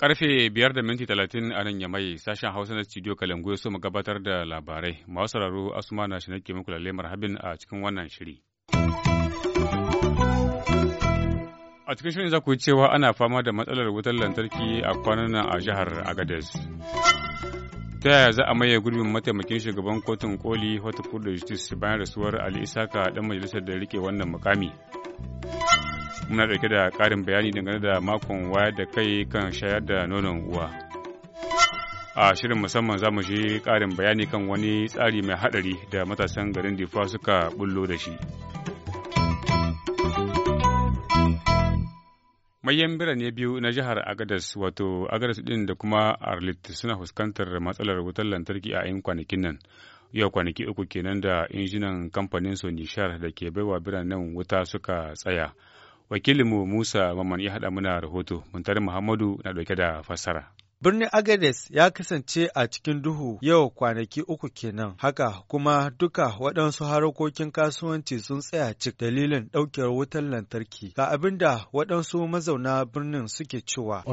karfe biyar da minti talatin a nan yamai sashen hausa na studio kalangu ya so mu gabatar da labarai masu sauraro asuma na shi nake muku lalle marhabin a cikin wannan shiri. a cikin shirin za ku yi cewa ana fama da matsalar wutar lantarki a kwanan a jihar agadez ta yaya za a maye gurbin mataimakin shugaban kotun koli wata da justice bayan rasuwar ali isaka dan majalisar da rike wannan mukami muna dauke da karin bayani dangane da makon wayar da kai kan shayar da nonon uwa a shirin musamman za mu shi karin bayani kan wani tsari mai haɗari da matasan garin difa suka bullo da shi. mayan birane biyu na jihar agadas wato agadas din da kuma arlit suna fuskantar matsalar wutar lantarki a 'yan kwanakin nan yau kwanaki uku kenan da injinan kamfanin sonishar da ke baiwa biranen wuta suka tsaya wakilinmu musa maman ya haɗa muna rahoto muntari muhammadu na ɗauke da fassara Birnin Agades ya kasance a cikin duhu yau kwanaki uku kenan, haka kuma duka waɗansu harkokin kasuwanci sun tsaya cik dalilin ɗaukar wutar lantarki. Ga abin da waɗansu mazauna birnin suke cewa.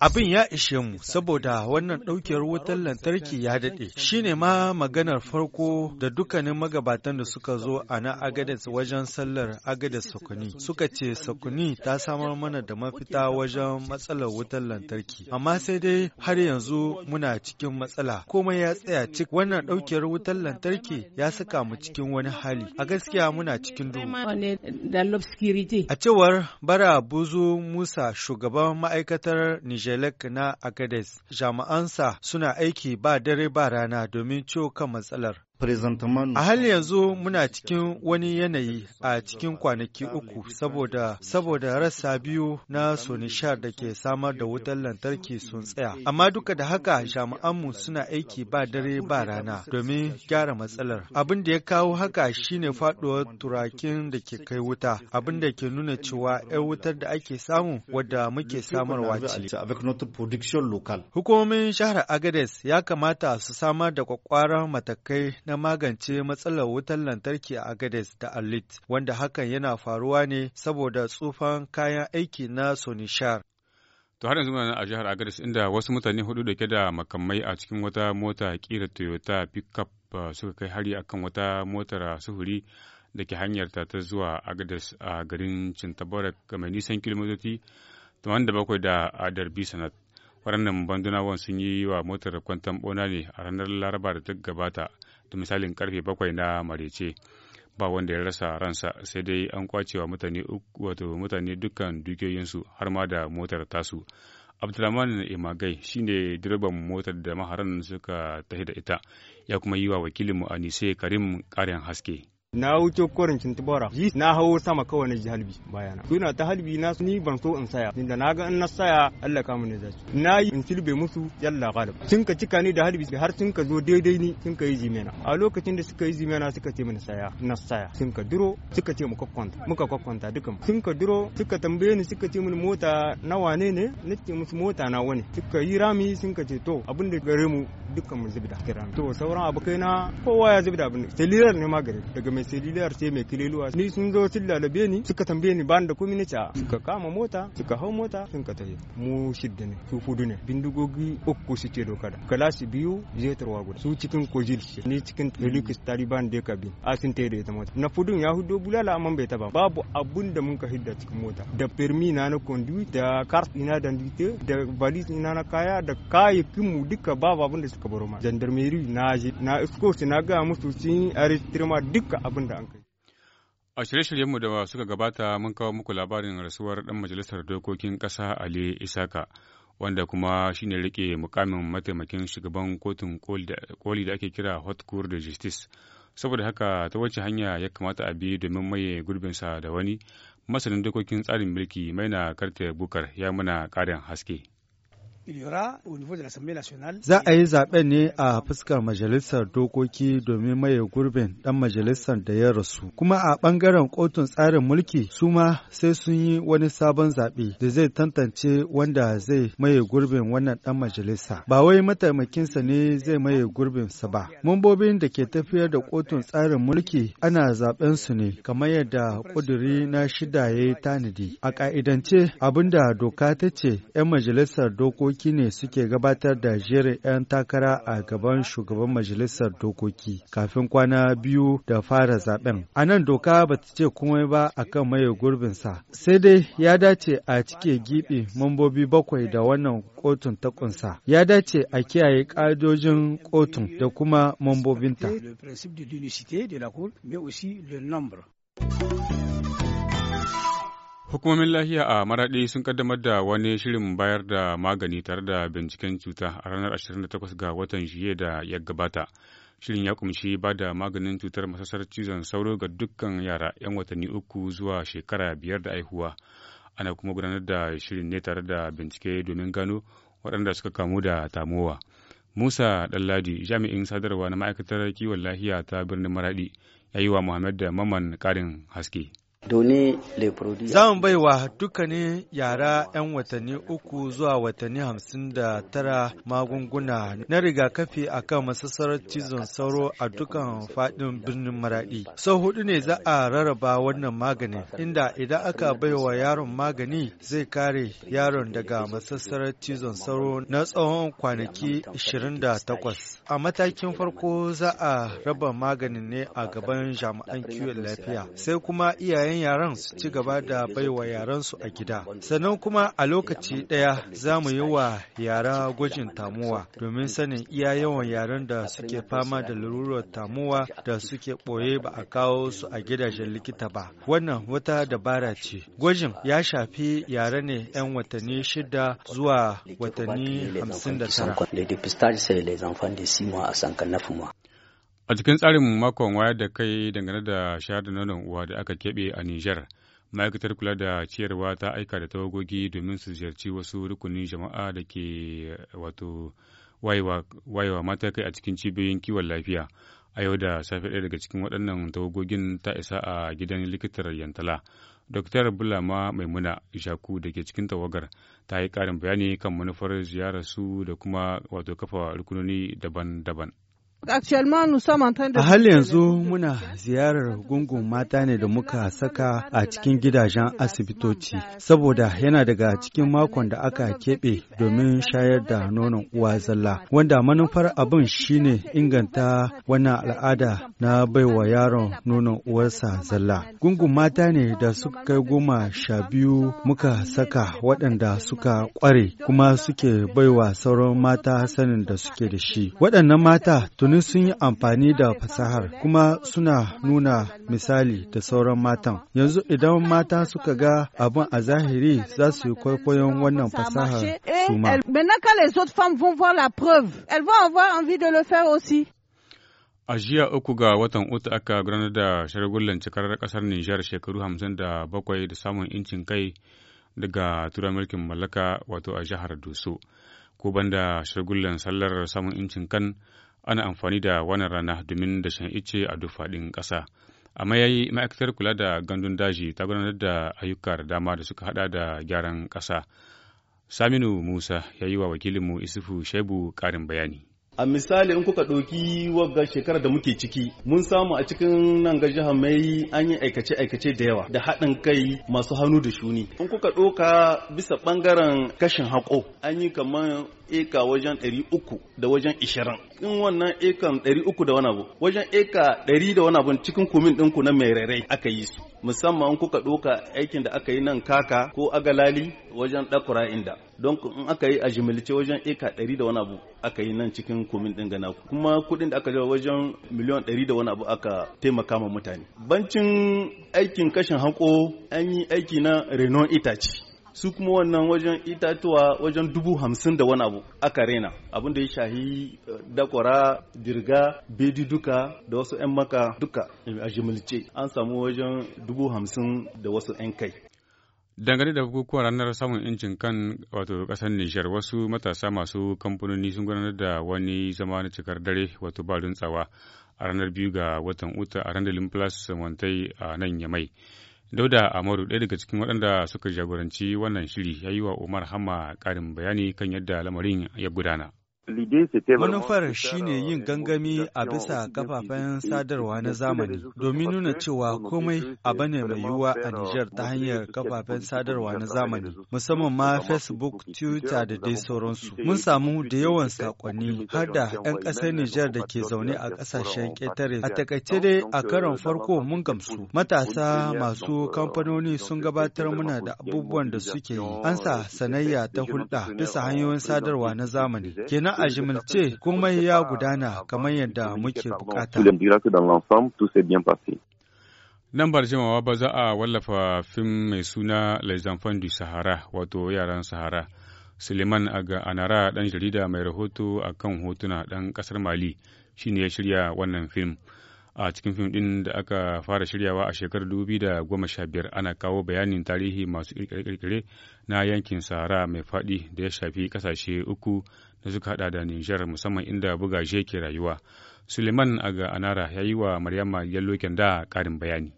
Abin ya ishe mu saboda wannan ɗaukar wutar lantarki ya daɗe. Shi ne ma maganar farko da dukkanin magabatan da suka zo a na Agades wajen sallar Agades Sokuni. Suka ce Sokuni ta samar mana da mafita wajen matsalar wutar lantarki. Amma sai dai har yanzu muna cikin matsala komai ya tsaya cik wannan ɗaukiyar wutar lantarki ya saka mu cikin wani hali a gaskiya muna cikin duhu a cewar bara buzu musa shugaban ma'aikatar nijelek na agades jama'ansa suna aiki ba dare ba rana domin ciwo kan matsalar A hal yanzu muna cikin wani yanayi a cikin kwanaki uku saboda saboda rasa biyu na sonishar da ke samar da wutar lantarki sun tsaya. Amma duka da haka jami'anmu suna aiki ba dare ba rana domin gyara matsalar. Abin da ya kawo haka shine faɗuwar turakin da ke kai wuta, abin da ke nuna cewa 'yar wutar da ake samu wadda muke samarwa ce. Hukumomin shahar Agades ya kamata su samar da matakai na magance matsalar wutar lantarki a Agades da Alit, wanda hakan yana faruwa ne saboda tsufan kayan aiki na Sonishar. To har yanzu muna a jihar Agadez inda wasu mutane hudu da da makamai a cikin wata mota kira Toyota pickup uh, suka kai hari akan wata motar sufuri da ke hanyar ta ta zuwa Agadez a garin ga mai nisan kilomitoci 87 da Adarbi Sanat. Waɗannan bandunawan sun yi wa motar kwantan bona ne a ranar Laraba da ta gabata. da misalin karfe bakwai na marece ba wanda ya rasa ransa sai dai an kwacewa mutane wato mutane dukkan dukiyoyinsu har ma da motar tasu abdulrahman imagai shine direban motar da maharan suka tafi da ita ya kuma yi wa wakilinmu anise karim karin haske na wuce korin cintibora ji na hawo sama kawai na ji halbi bayana suna ta halbi na ni ban so in saya inda na ga in na saya Allah ka mun zaci na yi in silbe musu yalla galib sun ka cika ni da halbi har sun ka zo daidai ni sun ka yi jimena a lokacin da suka yi jimena suka ce mun saya na saya sun ka duro suka ce mu kokkonta muka kokkonta dukan sun ka duro suka tambaye ni suka ce mun mota na wane ne nace musu mota na wane suka yi rami sun ka ce to abin da gare mu dukan mu zubda kiran to sauran abokai na kowa ya zubda abin da ne ma gare daga mai cellular ce mai kililuwa ni sun zo sun lalabe ni suka tambaye ni ban da komai ca ah. suka kama mota suka hau mota sun ka tafi mu shidda ne su fudu ne bindigogi uku suke doka da kalasi biyu zetarwa guda su cikin kojil ni cikin relics hmm. taliban da bi a sun tere ta mota na fudun ya hudo bulala amma bai ta taba babu abun da mun ka hidda cikin mota da permi na na conduit da cart ina da dite da valise ina na kaya da kayayyakin mu duka babu abun da suka baro ma gendarmerie na na isko na ga musu sun ma duka abin abin da an kai. A shirye-shiryenmu da suka gabata mun kawo muku labarin rasuwar ɗan majalisar dokokin ƙasa Ali Isaka, wanda kuma shine ne rike mukamin mataimakin shugaban kotun koli da ake kira Hot Court de Justice. Saboda haka ta wace hanya ya kamata a bi domin maye gurbinsa da wani masanin dokokin tsarin mulki maina karta bukar ya muna ƙarin haske. Za a yi zaɓe ne a fuskar majalisar dokoki domin maye gurbin ɗan majalisar da ya rasu. Kuma a ɓangaren kotun tsarin mulki su ma sai sun yi wani sabon zaɓe da zai tantance wanda zai maye gurbin wannan ɗan majalisa. Ba wai mataimakinsa ne zai maye gurbin gurbinsa ba. Mambobin da ke tafiyar da kotun tsarin mulki ana zaɓen su ne kamar yadda ƙuduri na shida ya yi tanadi. A ƙa'idance abinda doka ta ce 'yan majalisar dokoki dokoki ne suke gabatar da jerin 'yan takara a gaban shugaban majalisar dokoki kafin kwana biyu da fara zaben. A nan doka ba ta ce komai ba akan maye gurbinsa. Sai dai ya dace a cike giɓi mambobi bakwai da wannan kotun ta kunsa. Ya dace a kiyaye ƙa'idojin kotun da kuma mambobinta. Hukumomin lahiya a Maraɗi sun kaddamar da wani shirin bayar da magani tare da binciken cuta a ranar 28 ga watan shiye da ya gabata. Shirin ya kumshi ba da maganin cutar masasar cizon sauro ga dukkan yara 'yan watanni uku zuwa shekara biyar da aihuwa. Ana kuma gudanar da shirin ne tare da bincike domin gano waɗanda suka kamu da tamowa. Musa Ɗanladi, jami'in sadarwa na ma'aikatar kiwon lahiya ta birnin Maraɗi, ya yi wa Muhammad da Maman ƙarin haske. Za mu bai wa dukkanin yara 'yan watanni uku zuwa watanni hamsin da tara magunguna na rigakafi a kan masassarar cizon sauro a dukkan faɗin birnin maraɗi. Sau hudu ne za a rarraba wannan maganin, inda idan aka bai wa yaron magani zai kare yaron daga masassarar cizon sauro na tsawon kwanaki 28. A matakin farko za a raba magani ne a gaban jami'an kiwon lafiya, sai kuma iyayen waɗannan yaran su ci gaba da baiwa yarensu a gida. Sannan kuma a lokaci ɗaya za mu yi wa yara gwajin tamuwa domin sanin iya yawan yaran da suke fama da larurar tamuwa da suke ɓoye ba a kawo su a gidajen likita ba. Wannan wata dabara ce. Gwajin ya shafi yara ne 'yan watanni shida zuwa watanni hamsin da tara. A cikin tsarin makon wayar da kai dangane da shayar da nonon uwa da aka keɓe a Nijar, ma'aikatar kula da ciyarwa ta aika da tawagogi domin su ziyarci wasu rukunin jama'a da ke wato wayewa mata kai a cikin cibiyoyin kiwon lafiya. A yau da safe ɗaya daga cikin waɗannan tawagogin ta isa a gidan likitar Yantala. Dr. Bulama Maimuna Ishaku da ke cikin tawagar ta yi ƙarin bayani kan manufar ziyararsu da kuma wato kafa rukunoni daban-daban. A hal yanzu muna ziyarar gungun mata ne da muka saka a cikin gidajen asibitoci, saboda yana daga cikin makon da aka keɓe domin shayar da nonon uwa zalla, wanda manufar abin shine inganta wannan al'ada na baiwa yaron nonon uwarsa zalla. Gungun mata ne da suka kai goma sha biyu muka saka waɗanda suka ƙware kuma suke baiwa sauran mata sanin da suke da shi. Waɗannan mata tuni domin sun yi amfani da fasahar kuma suna nuna misali da sauran matan. Yanzu idan mata suka ga abin a zahiri za su yi kwaikwayon wannan fasahar su ma. A jiya uku ga watan uku aka gudanar da shirgullen cikarar kasar Nijar shekaru 57 da bakwai da samun incin kai daga tura mulkin mallaka wato a jihar Doso. Ko banda shirgullen sallar samun incin kan ana amfani da wannan rana domin dashen ice a duk faɗin ƙasa. a mayayi ma'aikatar kula da gandun daji ta gudanar da ayyuka da dama da suka hada da gyaran ƙasa saminu musa ya yi wa wakilinmu isufu shebu ƙarin bayani a misali in kuka ɗauki wagga shekarar da muke ciki mun samu a cikin nan ga jihar mai an yi aikace aikace da yawa da haɗin kai masu hannu da shuni in kuka ɗauka bisa ɓangaren kashin haƙo an yi kamar eka wajen ɗari uku da wajen ishirin in wannan ekan ɗari uku da wani abu wajen eka ɗari da wani abu cikin kumin ɗinku na mai rairai aka yi su musamman kuka ɗoka aikin da aka yi nan kaka ko agalali wajen ɗakura inda don in aka yi a jimilce wajen eka ɗari da wani abu aka yi nan cikin komin dinga gana kuma kudin da aka jawo wajen miliyan ɗari da wani abu aka taimaka ma mutane bancin aikin kashin hanko an yi aiki na renon itace su kuma wannan wajen itatuwa wajen dubu hamsin da wani abu aka rena abin da ya shahi eh, dakwara dirga bedi duka da wasu 'yan maka duka a jimilce an samu wajen dubu hamsin da wasu 'yan kai Dangane da bukukuwan ranar samun incin kan wato ƙasar Nijar wasu matasa masu kamfanoni sun gudanar da wani zama na cikar dare wato ba tsawa a ranar biyu ga watan Uta a dandalin Plus Montai a nan Yamai. Dauda Amaru ɗaya daga cikin waɗanda suka jagoranci wannan shiri ya yi wa Umar Hama ƙarin bayani kan yadda lamarin ya gudana. Manufar shi ne euh, yin gangami a bisa kafafen sadarwa na zamani domin nuna cewa komai abu ne mai yiwuwa a euh, Nijar ta hanyar kafafen sadarwa na zamani, musamman ma Facebook, Twitter da dai sauransu. Mun samu da yawan sakonni har da 'yan ƙasar Nijar da ke zaune a ƙasashen ƙetare. A takaice dai a karon euh, farko mun gamsu. Matasa masu kamfanoni sun gabatar muna da abubuwan da suke yi. An sa sanayya ta hulɗa bisa hanyoyin sadarwa na zamani. Kenan a jimilce komai ya gudana kamar yadda muke bukata. Nan bar jimawa ba za a wallafa fim mai suna Les Enfants du Sahara wato yaran Sahara. Suleiman Aga Anara ɗan jarida mai rahoto a kan hotuna ɗan ƙasar Mali shine ya shirya wannan fim. a cikin fim ɗin da aka fara shiryawa a shekarar goma sha biyar, ana kawo bayanin tarihi masu kirkire na yankin sahara mai faɗi da ya shafi ƙasashe uku da suka hada da nijar musamman inda bugaje ke rayuwa suleiman aga anara ya yi wa maryama yallo da ƙarin bayani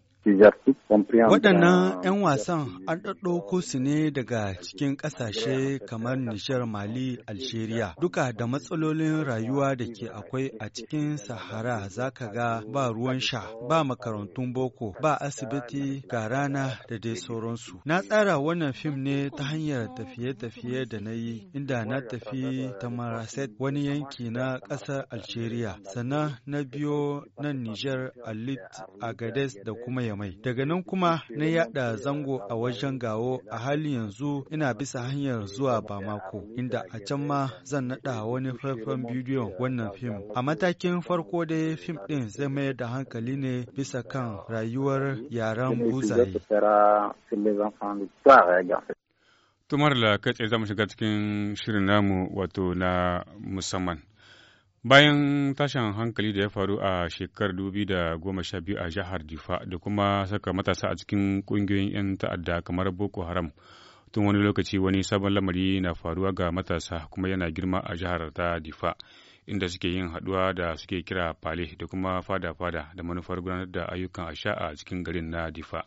Waɗannan 'yan wasan an ɗaɗɗauko su ne daga cikin ƙasashe kamar Nijar Mali, Algeria. Duka da matsalolin rayuwa da ke akwai a cikin Sahara za ka ga ba ruwan sha, ba makarantun boko, ba asibiti ga rana da dai sauransu. Na tsara wannan fim ne ta hanyar tafiye-tafiye da na yi inda na tafi Tamaraset wani yanki na ƙasar Algeria, sannan na biyo nan Nijar, a Agades da kuma mai Daga nan kuma na yada zango a wajen gawo a halin yanzu ina bisa hanyar zuwa Bamako, inda a can ma zan nada wani faifan bidiyon wannan fim. A matakin farko dai fim ɗin zai mayar da hankali ne bisa kan rayuwar yaren buzaye. Tumar kai tsaye za mu shiga cikin shirin namu wato na musamman. Bayan tashin hankali da ya faru a shekarar goma sha biyu a jihar Difa da kuma saka matasa a cikin ƙungiyoyin 'yan ta'adda kamar Boko Haram, tun wani lokaci wani sabon lamari na faruwa ga matasa kuma yana girma a jihar ta Difa, inda suke yin haɗuwa da suke kira fale da kuma fada-fada da manufar gudanar da ayyukan asha a cikin garin na Difa.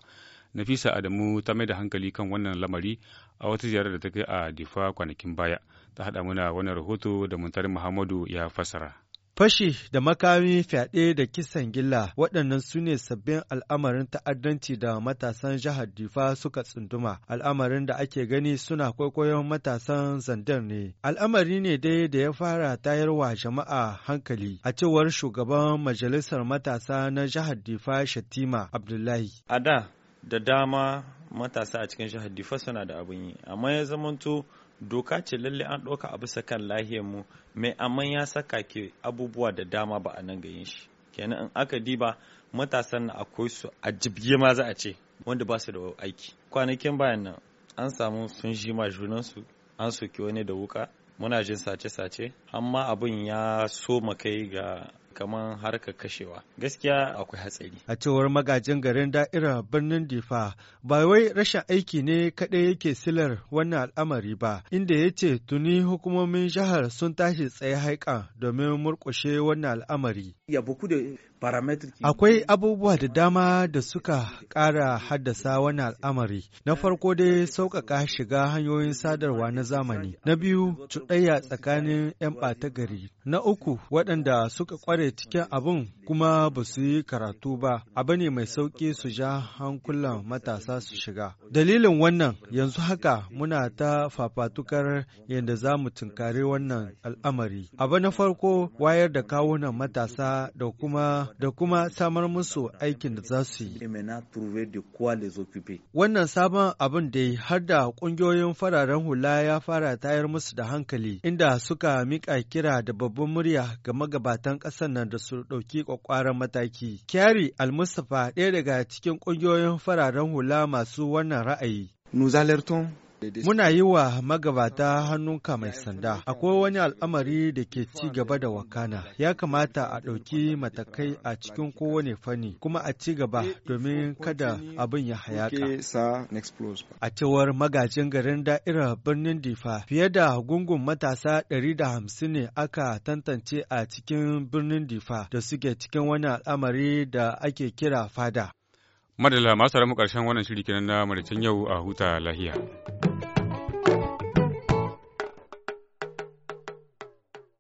Nafisa Adamu ta mai da hankali kan wannan lamari a wata ziyarar da ta kai a Difa kwanakin baya. ta haɗa muna wani rahoto da Muntari Muhammadu ya fasara. Fashi da makami fyaɗe da kisan gilla waɗannan su ne sabbin al'amarin ta'addanci da matasan jihar Difa suka tsunduma, al'amarin da ake gani suna kwaikwayon matasan zandar ne. Al'amari ne dai da ya fara tayar wa jama'a hankali, a cewar shugaban majalisar matasa na jihar Difa Shatima Abdullahi. A da da dama matasa a cikin jihar Difa suna da abin yi, amma ya zamanto doka ce lalle an ɗauka a bisa kan lahiyar mu mai amma ya saka ke abubuwa da dama ba a nan yin shi kenan in aka diba matasan na akwai su a jibge ma za a ce wanda ba su da aiki kwanakin bayan nan an samu sun shi ma junansu an soki wani da wuka muna jin sace-sace amma abin ya so kai ga kamar harkar kashewa gaskiya akwai hatsari a cewar magajin garin da'ira birnin difa ba wai rashin aiki ne kaɗai yake silar wannan al'amari ba inda ya ce tuni hukumomin jihar sun tashi tsaye haika domin murƙushe wannan al'amari buku Akwai abubuwa da dama da suka ƙara haddasa wani al'amari. Na farko dai sauƙaƙa shiga hanyoyin sadarwa na zamani. Na biyu cuɗayya tsakanin 'yan ɓata gari. Na uku waɗanda suka ƙware cikin abin kuma ba su yi karatu ba. Abu ne mai sauƙi su ja hankulan matasa su shiga. Dalilin wannan yanzu haka muna ta fafatukar yadda za mu tunkari wannan al'amari. Abu na farko wayar da kawunan matasa da kuma da kuma samar musu aikin da za su yi. Wannan sabon abin da har da ƙungiyoyin fararen hula ya fara tayar musu da hankali inda suka miƙa kira da babban murya ga magabatan ƙasar nan da su ɗauki ƙwaƙwaran mataki. Kyari Almustapha ɗaya daga cikin ƙungiyoyin fararen hula masu wannan ra'ayi. Nous alertons Muna yi wa magabata hannunka mai sanda. Akwai wani al'amari da ke ci gaba da wakana. Ya kamata a ɗauki matakai a cikin kowane fanni kuma a ci gaba domin kada abin ya hayaka. A cewar magajin garin da'irar birnin Difa, fiye da gungun matasa 150 ne aka tantance a cikin birnin Difa da suke cikin wani al'amari da ake kira fada. Madalla masu ƙarshen wannan shiri kenan na maricin yau a huta lahiya.